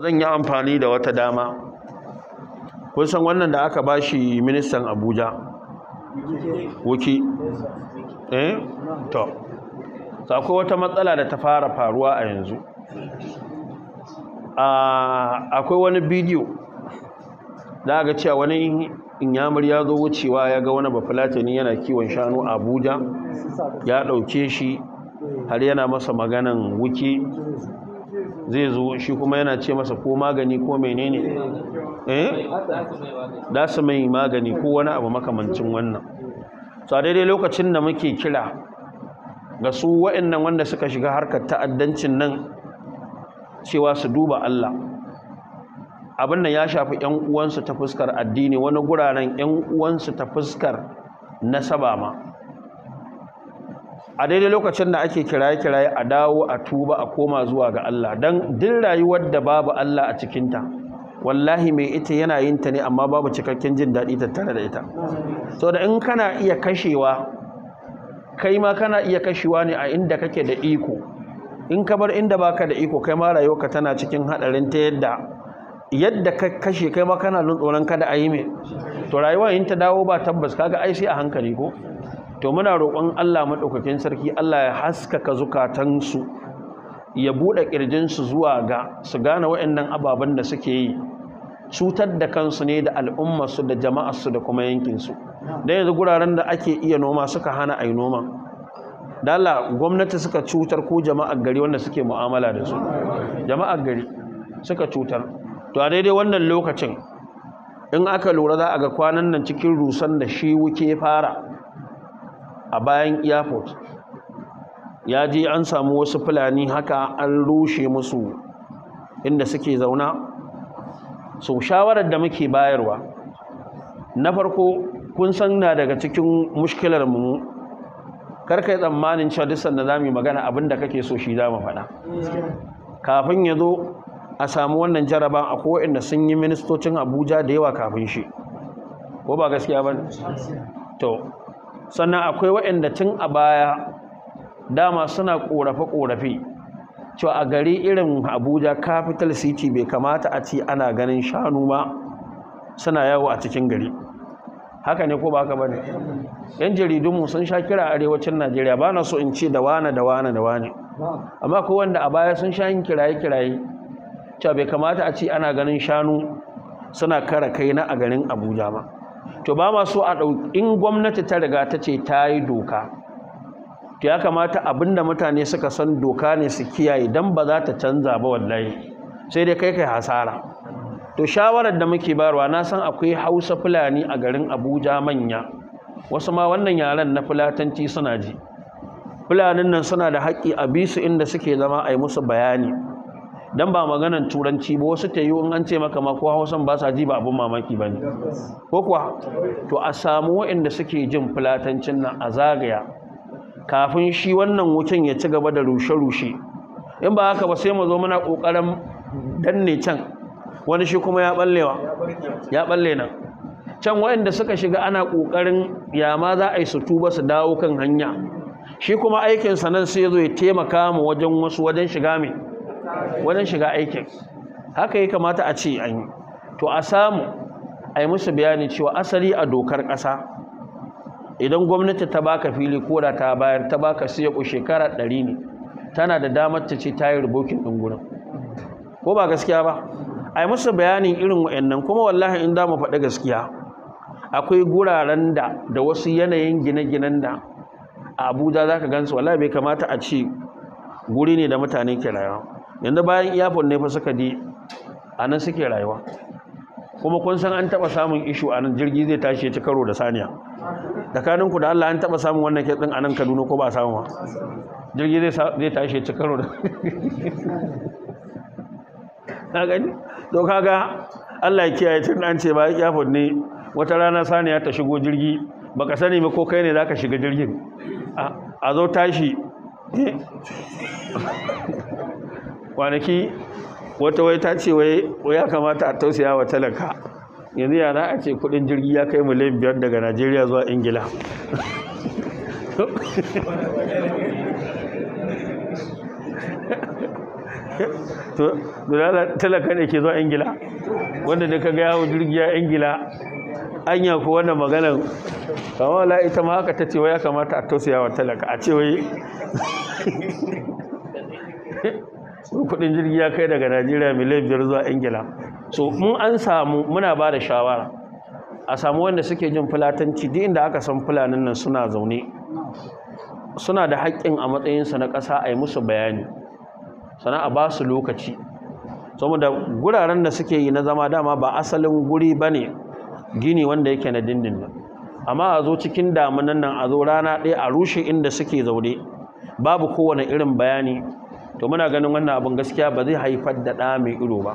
zan yi amfani da wata dama kun san wannan da aka bashi ministan abuja wuki eh to akwai wata matsala da ta fara faruwa a yanzu ah, akwai wani bidiyo da aka cewa wani inyamur ya zo wucewa ya ga wani bafulatani yana kiwon shanu a abuja ya ɗauke shi har yana masa maganan wuki zai zo shi kuma yana ce masa ko magani ko menene eh da su mai magani ko wani abu makamancin wannan sa daidai lokacin da muke kira ga su waɗannan wanda suka shiga harkar ta'addancin nan cewa su duba Allah abin nan ya shafi ƴan uwansu ta fuskar addini wani guraren ƴan uwansu ta fuskar nasaba ma a daidai lokacin da ake kiraye-kiraye a dawo a tuba a koma zuwa ga Allah don din rayuwar da babu Allah a cikinta wallahi mai ita yana yin ta ne amma babu cikakken jin daɗi tattare da ita so da in kana iya kashewa kai ma kana iya kashewa ne a inda kake da iko in ka bar inda baka da iko kai ma rayuwarka tana cikin haɗarin ta yadda yadda ka kashe kai ma kana lun tsoron kada a yi mai to rayuwa in ta dawo ba tabbas kaga ai sai a hankali ko to muna roƙon Allah maɗaukakin sarki Allah ya haskaka zukatansu ya buɗe ƙirjinsu zuwa ga su gane waɗannan ababen da suke yi cutar da kansu ne da al'ummarsu da jama'arsu da kuma yankinsu da yanzu guraren da ake iya noma suka hana a yi noma dala gwamnati suka cutar ko jama'ar gari wanda suke mu'amala da su jama'ar gari suka cutar to a daidai wannan lokacin in aka lura za a ga kwanan nan cikin rusan da shi wuke fara a bayan airport ya je an samu wasu fulani haka an rushe musu inda suke zauna so shawarar da muke bayarwa na farko kun san na daga cikin mushkilar mu karka yi tsammanin cewa duk sanda zamu magana abinda kake so shi zamu faɗa kafin ya zo a samu wannan jaraba a inda sun yi ministocin Abuja da yawa kafin shi ko ba gaskiya ba to sannan akwai waɗanda tun a baya dama suna ƙorafe-ƙorafe cewa a gari irin abuja capital city bai kamata a ci ana ganin shanu ma suna yawo a cikin gari haka ne ko ba ka ba ne yan jaridunmu sun sha kira arewacin najeriya ba na so in ce da wane da wane da wane amma ko wanda a baya sun sha yin kiraye-kiraye cewa bai kamata a ci ana ganin shanu suna kara kaina a garin abuja ba to ba ma so a ɗau in gwamnati ta riga ta ce ta yi doka to ya kamata abinda mutane suka san doka ne su kiyaye dan ba za ta canza ba wallahi sai dai kai kai hasara to shawarar da muke barwa na san akwai Hausa Fulani a garin Abuja manya wasu ma wannan yaran na fulatanci suna ji fulanin nan suna da haƙƙi a bisu inda suke zama a yi musu bayani dan ba maganan turanci ba wasu ta yi in an ce maka ma ko hausan ba sa ji ba abin mamaki ba ne ko kuwa to a samu waɗanda suke jin fulatancin nan a zagaya kafin shi wannan wucin ya ci gaba da rushe-rushe in ba haka ba sai mu zo muna ƙoƙarin danne can wani shi kuma ya ɓallewa ya ɓalle nan can waɗanda suka shiga ana ƙoƙarin ya ma za a yi su tuba su dawo kan hanya shi kuma aikinsa nan sai zo ya taimaka mu wajen wasu wajen shiga mai wajen shiga aikin haka ya kamata a ce an yi to a samu a yi musu bayani cewa asali a dokar ƙasa idan gwamnati ta baka fili ko da ta bayar ta baka siyaƙo shekara ɗari ne tana da damar ta ce ta yi rubokin ɗin gurin ko ba gaskiya ba a yi musu bayanin irin wa'annan kuma wallahi in da mu faɗi gaskiya akwai guraren da da wasu yanayin gine-ginen da a abuja za ka gansu wallahi bai kamata a ce guri ne da mutane ke rayuwa yanzu bayan iyafon ne fa suka di a nan suke rayuwa kuma kun san an taɓa samun ishu a nan jirgi zai tashi ya ci karo da saniya tsakaninku da Allah an taɓa samun wannan kitsin a nan Kaduna ko ba samu ba jirgi zai tashi ya ci karo da na gani to kaga Allah ya kiyaye tun an ce ba iyafon ne wata rana saniya ta shigo jirgi baka sani ba ko kai ne zaka shiga jirgin a zo tashi eh? kwanaki wata wai ta ce wai ya kamata a tausaya wa talaka yanzu yana a ce kudin jirgi ya kai miliyan biyar daga najeriya zuwa ingila to talaka ne ke zuwa ingila wanda da ka ga yawon jirgi ya ingila anya ko wannan maganar kawo la'ita ma haka ta ce wai ya kamata a tausaya wa talaka a ce wai kuɗin jirgi ya kai daga najeriya miliyan biyar zuwa ingila so mun an samu muna ba da shawara a samu wanda suke jin fulatanci duk da aka san fulanin nan suna zaune suna da haƙƙin a matsayinsa na ƙasa a yi musu bayani sana a ba su lokaci saboda guraren da suke yi na zama dama ba asalin guri ba ne gini wanda yake na dindin nan amma a zo cikin damunan nan a zo rana ɗaya a rushe inda suke zaune babu kowane irin bayani to muna ganin wannan abin gaskiya ba zai haifar da ɗa mai ido ba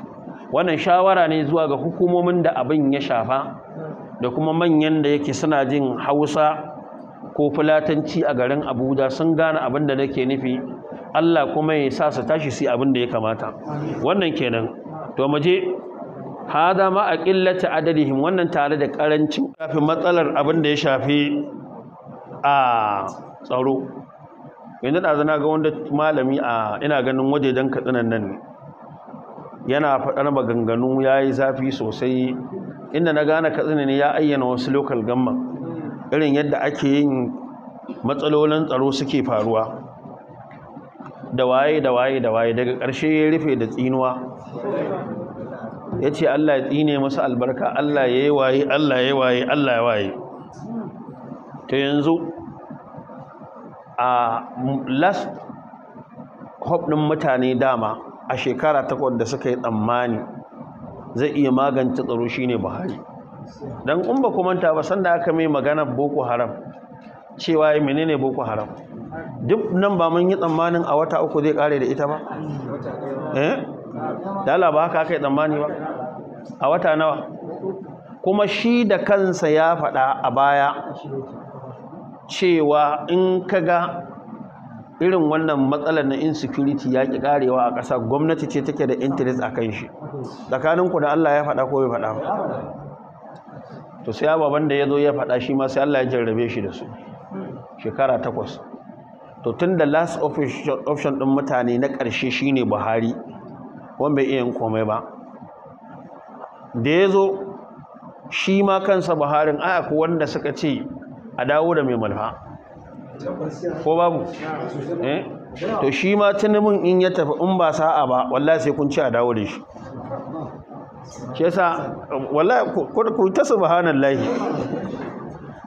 wannan shawara ne zuwa ga hukumomin da abin ya shafa da kuma manyan da yake suna jin hausa ko fulatanci a garin abuja sun gane abin da nake nufi allah kuma ya sa su tashi su abin da ya kamata wannan kenan to mu je hada ma a ƙillata adadihim wannan tare da karancin kafin matsalar abin da ya shafi a ah, tsaro yanzu da na ga wanda malami a ina ganin wajejen katsinan nan yana faɗar maganganu ya yi zafi sosai inda na gane katsina ne ya ayyana wasu lokal gamma irin yadda ake yin matsalolin tsaro suke faruwa da waye da waye da waye daga ƙarshe ya rufe da tsinuwa ya ce allah ya tsine masu albarka allah ya yi waye allah ya yi waye allah ya waye ta yanzu a last hope mutane dama a shekara takwas da suka yi tsammani zai iya magance tsaro shine buhari don in ba manta ba sanda aka mai magana boko haram cewa ya menene boko haram duk nan ba mun yi tsammanin a wata uku zai kare da ita ba eh dala ba haka aka yi tsammani ba a wata nawa kuma shi da kansa ya faɗa a baya cewa in kaga irin wannan matsalar na insecurity ya ƙi ƙarewa a ƙasa gwamnati ce take da interest a kan shi tsakaninku da Allah ya faɗa ko bai faɗa to sai baban da ya zo ya faɗa shi ma sai Allah ya jarrabe shi da su shekara takwas to tun da last option ɗin mutane na ƙarshe shi ne Buhari wanda bai iya komai ba da ya zo shi ma kansa Buharin ayyaku wanda suka ce a dawo da mai malfa ko babu eh? to shi ma tunubin in ya tafi in ba sa'a ba wallahi sai kun ci a dawo da shi shi yasa wallahi ku ta subhanallahi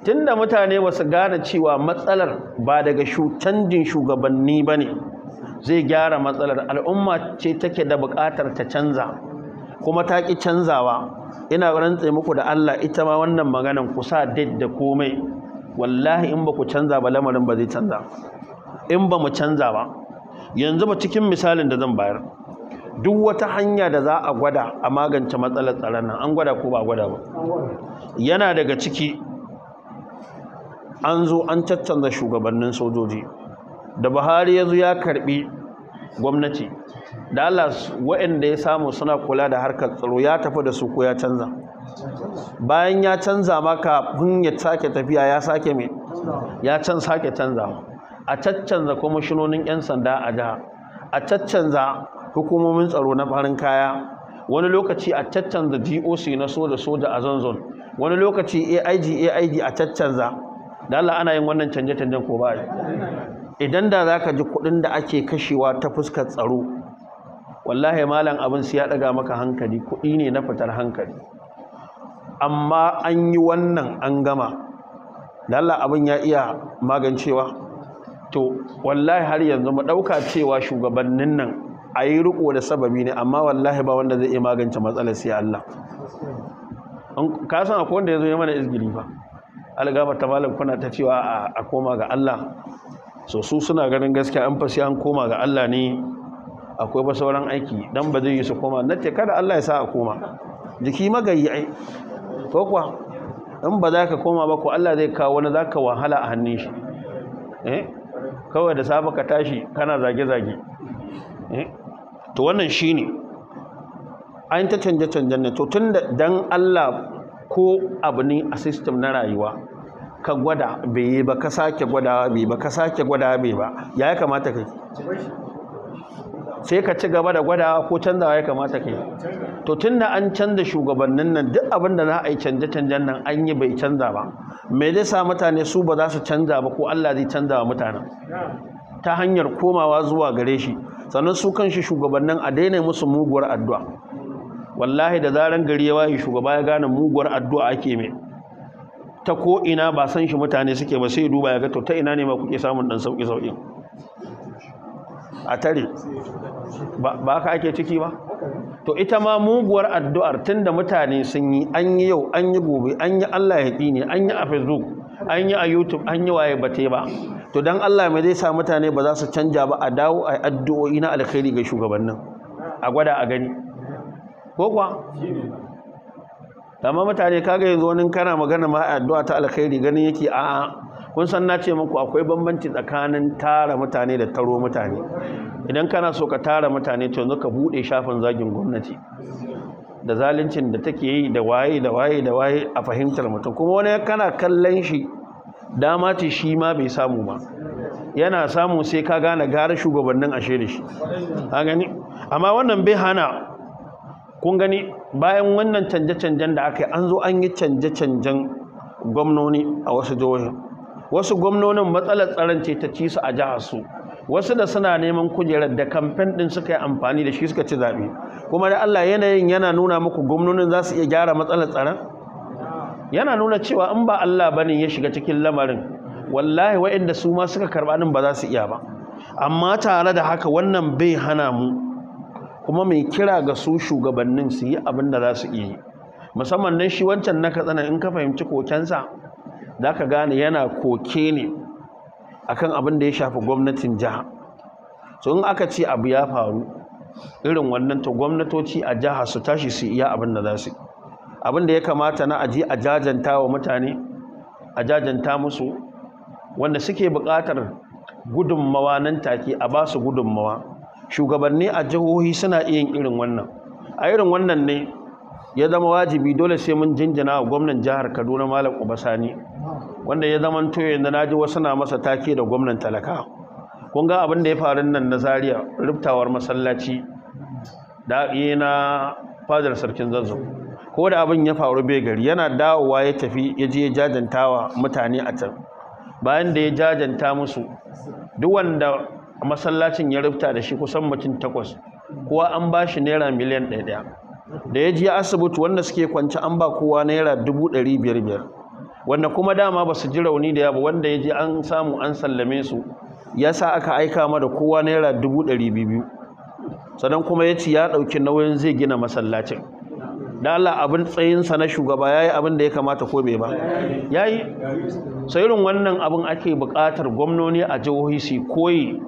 tunda mutane ba su gane cewa matsalar ba daga canjin shugabanni ba ne zai gyara matsalar al'umma ce take da buƙatar ta canza kuma ta ƙi canzawa ina rantse muku da Allah ita ma wannan maganan ku sa da komai wallahi in ba ku canza ba lamarin ba zai canza in ba mu canza ba yanzu ba cikin misalin da zan bayar duk wata hanya da za a gwada a magance matsalar tsaron nan an gwada ko ba gwada ba yana daga ciki an zo an caccanza shugabannin sojoji da buhari ya ya karbi gwamnati da Allah waɗanda ya samu suna kula da harkar tsaro ya tafi da su ko ya canza bayan ya canza maka kafin ya sake tafiya ya sake mai ya can sake canza a caccanza kwamishinonin 'yan sanda a jiha a caccanza hukumomin tsaro na farin kaya wani lokaci a caccanza GOC na soja soja a zanzon wani lokaci AIG AID a caccanza da Allah ana yin wannan canje-canjen ko ba idan da za ka ji kuɗin da ake kashewa ta fuskar tsaro wallahi malam abin su ya daga maka hankali kuɗi ne na fitar hankali amma an yi wannan an gama Allah abin ya iya magancewa to wallahi har yanzu mu dauka cewa shugabannin nan ayi yi riko da sababi ne amma wallahi ba wanda zai iya magance matsalar sai Allah ka san akwai wanda ya zo ya mana izgiri ba algama ta malam kuna ta cewa a koma ga Allah so su suna ganin gaskiya an fasi an koma ga Allah ne akwai ba sauran aiki dan ba zai yi su koma na ce kada Allah ya sa a koma jiki magayi ai ko kuwa in ba za ka koma ba ko Allah zai kawo wani za ka wahala a hannun shi eh? kawai da safe ka tashi kana zage-zage eh? to wannan shi ne an ta canje-canjen ne to tun da dan Allah ko abu ne a system na rayuwa ka gwada bai yi ba ka sake gwada bai ba ka sake gwada bai ba ya ya kamata ka yi sai ka ci gaba da gwadawa ko canzawa ya kamata yi. to da an canza shugabannin nan duk abin da za a yi canje canjen nan an yi bai canza ba me zai sa mutane su ba za su canza ba ko Allah zai canza wa mutanen ta hanyar komawa zuwa gare shi sannan su kan kanshi shugabannin a daina musu muguwar addu'a wallahi da zaran gari ya waye shugaba ya gane muguwar addu'a ake mai ta ko ina ba san shi mutane suke ba sai duba ya ga to ta ina ne ma kuke samun dan sauki sauki a tare ba ka ake ciki ba to ita ma muguwar addu'ar tun da mutane sun yi an yi yau an yi gobe an yi Allah ya ne an yi a Facebook an yi a YouTube an yi waye ba ba to don Allah mai zai sa mutane ba za su canja ba a dawo a addu'o'i na alkhairi ga shugabannin a gwada a gani ko kuwa amma mutane kaga yanzu wani kana magana ma addu'a ta alkhairi ganin yake a'a kun san na ce muku akwai bambanci tsakanin tara mutane da taro mutane idan kana so ka tara mutane to yanzu ka bude shafin zagin gwamnati da zaluncin da take yi da waye da waye da waye a fahimtar mutum kuma wani kana kallon shi dama ce shi ma bai samu ba yana samu sai ka gane gara shugabannin ashe da shi a gani amma wannan bai hana kun gani bayan wannan canje-canjen da aka yi an zo an yi canje-canjen gwamnoni a wasu jihohin wasu gwamnonin matsalar tsaron ce ta ci su a jihar su wasu da suna neman kujerar da kamfen din suka yi amfani da shi suka ci zaɓe kuma da Allah yanayin yana nuna muku gwamnonin za su iya gyara matsalar tsaron yana nuna cewa in ba Allah bane ya shiga cikin lamarin wallahi waɗanda su ma suka karɓa din ba za su iya ba amma tare da haka wannan bai hana mu kuma mai kira ga su shugabannin su yi abin da za su iya yi musamman nan shi wancan na katsina in ka fahimci kokensa za ka gane yana koke ne akan abin da ya shafi gwamnatin jiha so in aka ce abu ya faru irin wannan ta gwamnatoci a jiha su tashi su iya abin da za su abin da ya kamata na aji a jajanta wa mutane a jajanta musu wanda suke buƙatar gudunmawa nan take a ba su gudunmawa shugabanni a jihohi suna iya yin irin wannan a irin wannan ne ya zama wajibi dole sai mun jinjina wa gwamnan jihar Kaduna Malam Ubasani wanda ya zama da na ji wasu na masa take da gwamnan talaka kun ga abin da ya faru nan na Zariya ruftawar masallaci da na fadar sarkin Zazzau ko da abin ya faru bai gari yana dawowa ya tafi ya je ya wa mutane a can bayan da ya jajanta musu duk wanda masallacin ya rufta da shi kusan mutum takwas kuwa an ba shi naira miliyan ɗaya da ya ji asibiti wanda suke kwanci an ba kowa naira dubu ɗari biyar biyar wanda kuma dama ba su ji rauni da yaba wanda ya ji an samu an sallame su ya sa aka aika ma da kowa naira dubu ɗari biyu sannan kuma ya ci ya ɗauki nauyin zai gina masallacin da Allah abin tsayinsa na shugaba ya yi abin da ya kamata ko bai ba ya yi sai wannan abin ake buƙatar gwamnoni a jihohi su koyi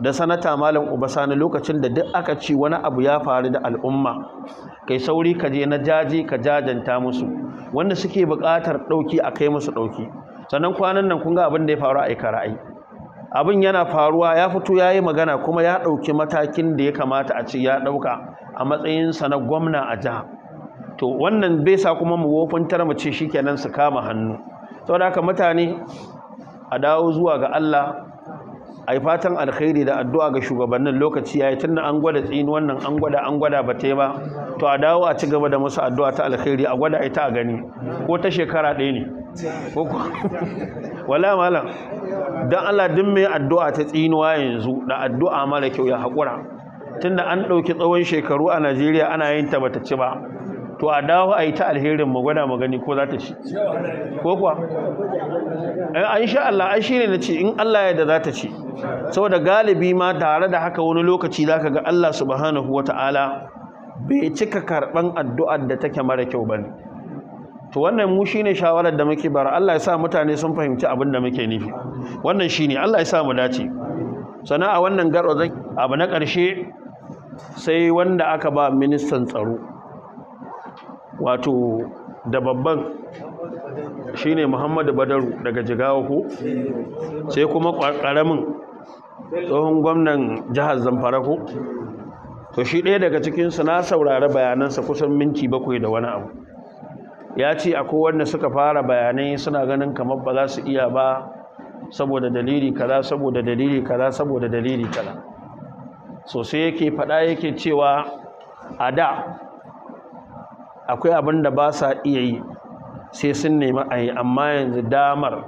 da sanata malam Uba sani lokacin da duk aka ci wani abu ya faru da al'umma kai sauri ka je na jaji ka jajanta musu wanda suke buƙatar ɗauki a kai musu ɗauki sannan kwanan nan kun ga abin da ya faru a ra'ayi abin yana faruwa ya fito ya yi magana kuma ya ɗauki matakin da ya kamata a ci ya ɗauka a matsayinsa na gwamna a jiha to wannan bai sa kuma mu wofintar mu ce shikenan su kama hannu saboda haka mutane a dawo zuwa ga Allah ai fatan alkhairi da addu'a ga shugabannin lokaci ya yayi tunda an gwada tsini wannan an gwada an gwada ba ta yi ba to a dawo a ci gaba da masu addu'a ta alkhairi a gwada ita a gani ko ta shekara ɗaya ne wala malam Don Allah duk mai addu'a ta tsinuwa yanzu da addu'a mara kyau ya haƙura tunda an ɗauki tsawon shekaru a Najeriya ana yin ta bata ci ba to a dawo a yi ta alherin mu gwada magani ko za ta ci ko kuwa eh, an sha Allah an shine na ce in Allah ya da za ta ci saboda galibi ma tare da haka wani lokaci za ka ga Allah subhanahu wa ta'ala bai cika karɓan addu'ar da take mara kyau ba ne to wannan mu shine shawarar da muke bara Allah ya sa mutane sun fahimci abin da muke nufi wannan shine Allah ya sa mu dace sana'a wannan garo abu na ƙarshe sai wanda aka ba ministan tsaro wato da babban shi ne muhammadu badaru daga jigawa ko sai kuma ƙaramin tsohon gwamnan jihar zamfara ko to shi ɗaya daga cikinsu na saurari bayanansa kusan minti bakwai da wani abu ya ce a wanda suka fara bayanai suna ganin kamar ba za su iya ba saboda dalili kaza saboda dalili kaza saboda dalili kaza so sai yake faɗa yake cewa a da akwai abin da ba sa iya yi sai sun nemi a yi amma yanzu damar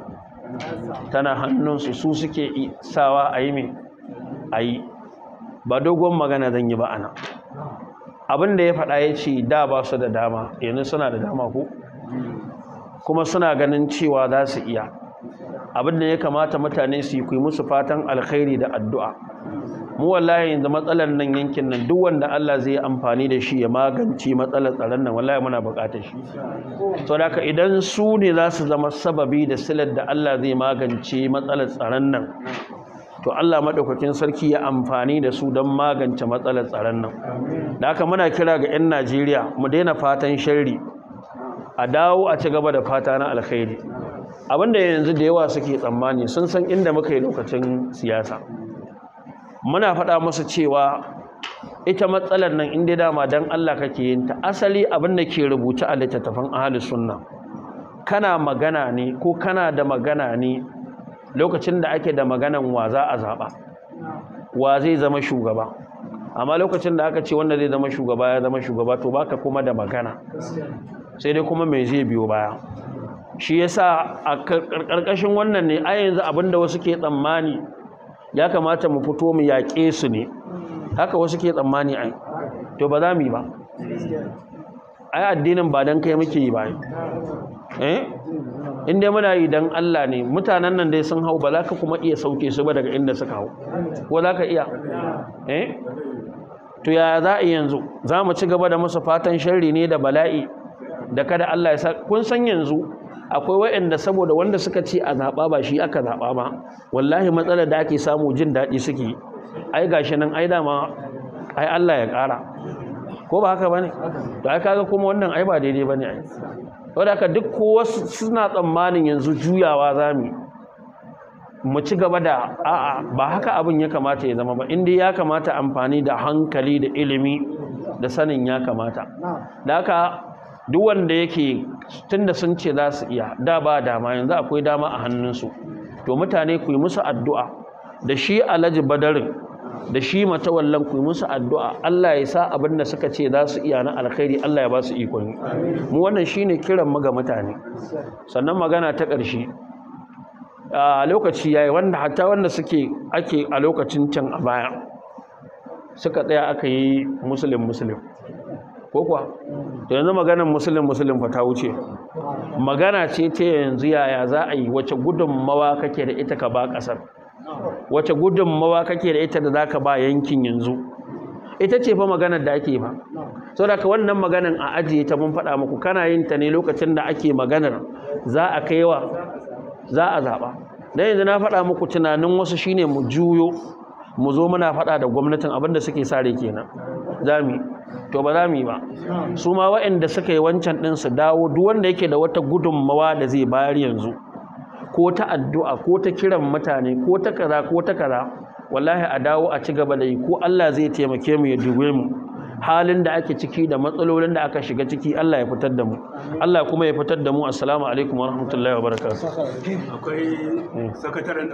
tana hannunsu su suke sawa a yi mai a yi ba dogon magana zan yi ba ana abin da ya faɗa ya ce da ba su da dama yanzu suna da dama ku? kuma suna ganin cewa za su iya abin da ya kamata mutane su yi musu fatan alkhairi da addu'a mu wallahi yanzu matsalar nan yankin nan duk wanda Allah zai yi amfani da shi ya magance matsalar tsaron nan wallahi muna buƙatar shi da ka idan su ne za su zama sababi da silar da Allah zai magance matsalar tsaron nan to Allah madaukakin sarki ya amfani da su don magance matsalar tsaron nan da ka muna kira ga 'yan Najeriya mu daina fatan sharri a dawo a ci gaba da fata na alkhairi abinda yanzu da yawa suke tsammani sun san inda muka yi lokacin siyasa muna faɗa masa cewa ita matsalar nan inda dama don Allah kake yin ta asali da ke rubuta a littattafan ahalus sunna kana magana ne ko kana da magana ne lokacin da ake da maganan wa za a zaɓa wa zai zama shugaba amma lokacin da aka ce wanda zai zama shugaba ya zama shugaba to baka kuma da magana sai dai kuma mai zai biyo baya shi yasa a karkashin wannan ne a yanzu abinda wasu ke tsammani ya kamata mu fito mu yaƙe su ne haka wasu ke tsammani ai to ba za mu yi ba ai addinin ba dan kai muke yi ba eh inda muna yi dan Allah ne mutanen nan dai sun hau ba za ka kuma iya sauke su ba daga inda suka hau ko za ka iya eh to ya za a yanzu za mu ci gaba da musu fatan sharri ne da bala'i da kada Allah ya sa kun san yanzu akwai waɗanda saboda wanda suka ce a zaɓa ba shi aka zaɓa ba wallahi matsalar da ake samu jin daɗi suke ai gashi nan ai dama ai Allah ya ƙara ko ba haka bane to ai kaga kuma wannan ai ba daidai bane ai saboda haka duk kowa suna tsammanin yanzu juyawa zamu mu ci gaba da a'a ba haka abin ya kamata ya zama ba indai ya kamata amfani da hankali da ilimi da sanin ya kamata da haka duk wanda yake tunda sun ce za su iya da ba dama yanzu akwai dama a hannunsu to mutane ku yi musu addu'a da shi alhaji badarin da shi matawallan ku yi musu addu'a Allah ya sa abin da suka ce za su iya na alkhairi Allah ya ba su ikon mu wannan shine kiran mu ga mutane sannan magana ta ƙarshe a lokaci yayi wanda hatta wanda suke ake a lokacin can a baya suka tsaya aka yi muslim muslim ko kuwa to yanzu maganar musulun musulun fa ta wuce magana ce ta yanzu yaya za a yi wace gudunmawa kake da ita ka ba ƙasar wace gudunmawa kake da ita da za ka ba yankin yanzu ita ce fa maganar da ake ba so da ka wannan maganar a ajiye ta mun faɗa muku kana yin ta ne lokacin da ake maganar za a kaiwa za a zaɓa na yanzu na faɗa muku tunanin wasu shine mu juyo mu zo muna faɗa da gwamnatin abinda suke sare kenan za to ba za mu yi ba su ma waɗanda suka yi wancan ɗin su dawo duk wanda yake da wata gudunmawa da zai bayar yanzu ko ta addu'a ko ta kiran mutane ko ta kaza ko ta kaza wallahi a dawo a ci gaba da yi ko Allah zai taimake mu ya dube mu halin da ake ciki da matsalolin da aka shiga ciki Allah ya fitar da mu Allah kuma ya fitar da mu assalamu alaikum warahmatullahi wabarakatuh akwai sakataren